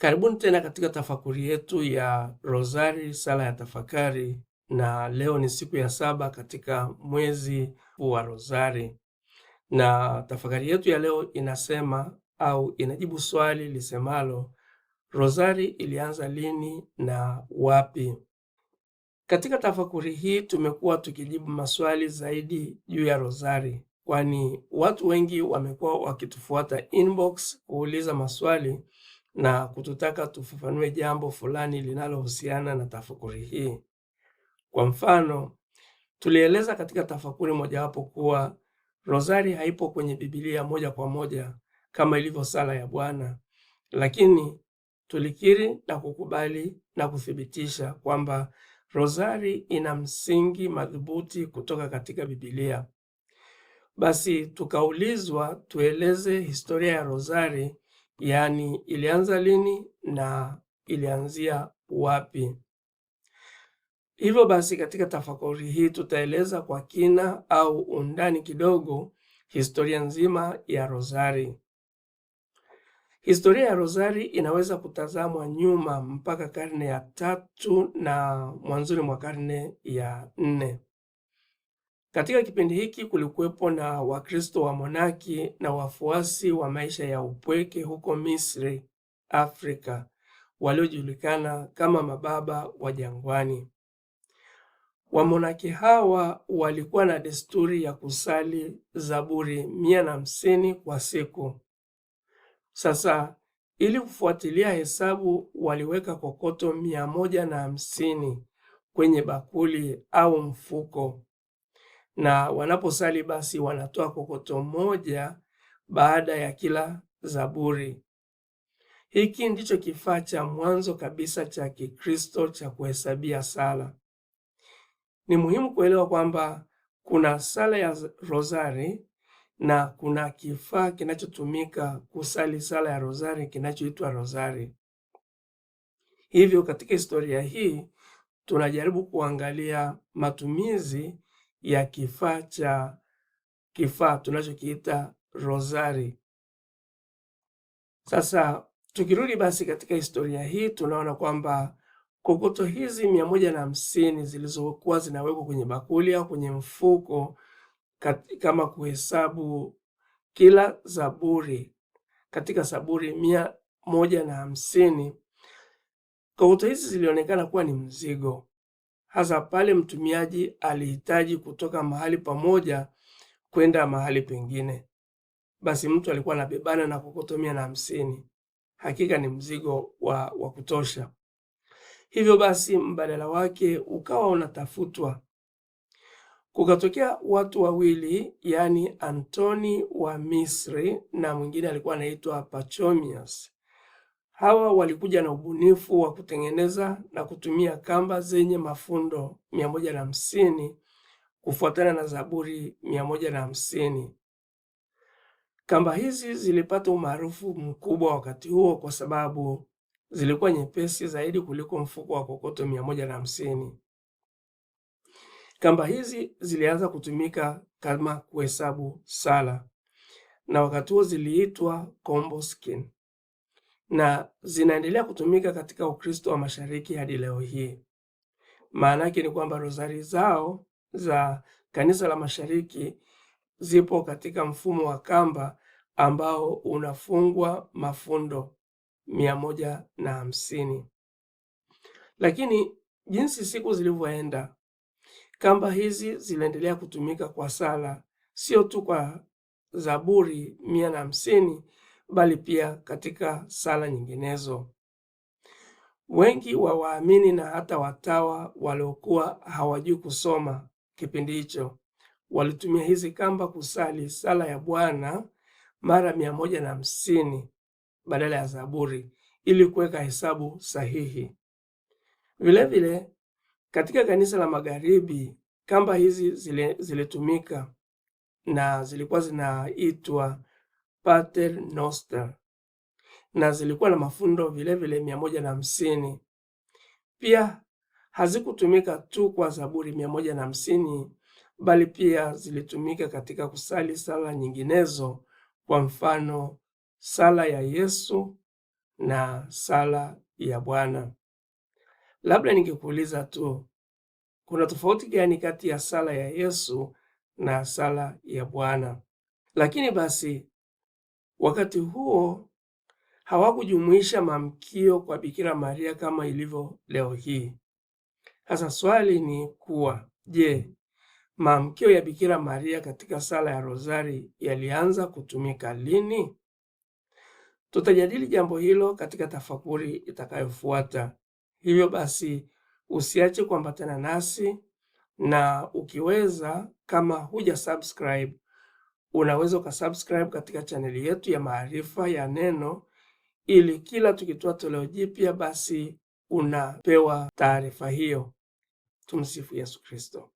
Karibuni tena katika tafakuri yetu ya Rozari, sala ya tafakari, na leo ni siku ya saba katika mwezi wa Rozari, na tafakari yetu ya leo inasema au inajibu swali lisemalo Rozari ilianza lini na wapi? Katika tafakuri hii tumekuwa tukijibu maswali zaidi juu ya Rozari, kwani watu wengi wamekuwa wakitufuata inbox kuuliza maswali na kututaka tufafanue jambo fulani linalohusiana na tafakuri hii. Kwa mfano, tulieleza katika tafakuri mojawapo kuwa rozari haipo kwenye Biblia moja kwa moja kama ilivyo sala ya Bwana, lakini tulikiri na kukubali na kuthibitisha kwamba rozari ina msingi madhubuti kutoka katika Biblia. Basi tukaulizwa tueleze historia ya rozari yaani ilianza lini na ilianzia wapi. Hivyo basi, katika tafakuri hii tutaeleza kwa kina au undani kidogo historia nzima ya rozari. Historia ya rozari inaweza kutazamwa nyuma mpaka karne ya tatu na mwanzoni mwa karne ya nne. Katika kipindi hiki kulikuwepo na Wakristo wa monaki na wafuasi wa maisha ya upweke huko Misri, Afrika, waliojulikana kama mababa wa jangwani. Wamonaki hawa walikuwa na desturi ya kusali Zaburi mia na hamsini kwa siku. Sasa ili kufuatilia hesabu, waliweka kokoto mia moja na hamsini kwenye bakuli au mfuko na wanaposali basi wanatoa kokoto moja baada ya kila zaburi. Hiki ndicho kifaa cha mwanzo kabisa cha Kikristo cha kuhesabia sala. Ni muhimu kuelewa kwamba kuna sala ya rozari na kuna kifaa kinachotumika kusali sala ya rozari kinachoitwa rozari. Hivyo katika historia hii tunajaribu kuangalia matumizi ya kifaa cha kifaa tunachokiita rosari Sasa tukirudi basi katika historia hii tunaona kwamba kokoto hizi mia moja na hamsini zilizokuwa zinawekwa kwenye bakuli au kwenye mfuko kama kuhesabu kila zaburi katika saburi mia moja na hamsini kokoto hizi zilionekana kuwa ni mzigo hasa pale mtumiaji alihitaji kutoka mahali pamoja kwenda mahali pengine. Basi mtu alikuwa anabebana na kokoto mia na hamsini. Hakika ni mzigo wa, wa kutosha. Hivyo basi mbadala wake ukawa unatafutwa. Kukatokea watu wawili, yaani Antoni wa Misri na mwingine alikuwa anaitwa Pachomius. Hawa walikuja na ubunifu wa kutengeneza na kutumia kamba zenye mafundo mia moja na hamsini kufuatana na Zaburi mia moja na hamsini. Kamba hizi zilipata umaarufu mkubwa wakati huo kwa sababu zilikuwa nyepesi zaidi kuliko mfuko wa kokoto mia moja na hamsini. Kamba hizi zilianza kutumika kama kuhesabu sala na wakati huo ziliitwa skin na zinaendelea kutumika katika Ukristo wa Mashariki hadi leo hii. Maana yake ni kwamba rozari zao za kanisa la Mashariki zipo katika mfumo wa kamba ambao unafungwa mafundo mia moja na hamsini. Lakini jinsi siku zilivyoenda, kamba hizi ziliendelea kutumika kwa sala, sio tu kwa Zaburi mia na hamsini bali pia katika sala nyinginezo. Wengi wa waamini na hata watawa waliokuwa hawajui kusoma kipindi hicho walitumia hizi kamba kusali sala ya Bwana mara mia moja na hamsini badala ya Zaburi ili kuweka hesabu sahihi. Vilevile vile, katika kanisa la Magharibi kamba hizi zilitumika zile na zilikuwa zinaitwa Pater Noster, na zilikuwa na mafundo vilevile mia moja na hamsini. Pia hazikutumika tu kwa Zaburi mia moja na hamsini bali pia zilitumika katika kusali sala nyinginezo, kwa mfano sala ya Yesu na sala ya Bwana. Labda ningekuuliza tu, kuna tofauti gani kati ya sala ya Yesu na sala ya Bwana? Lakini basi Wakati huo hawakujumuisha maamkio kwa Bikira Maria kama ilivyo leo hii. Sasa swali ni kuwa, je, maamkio ya Bikira Maria katika sala ya Rozari yalianza kutumika lini? Tutajadili jambo hilo katika tafakuri itakayofuata. Hivyo basi usiache kuambatana nasi na ukiweza, kama huja subscribe Unaweza ukasubscribe katika chaneli yetu ya Maarifa ya Neno ili kila tukitoa toleo jipya basi unapewa taarifa hiyo. Tumsifu Yesu Kristo.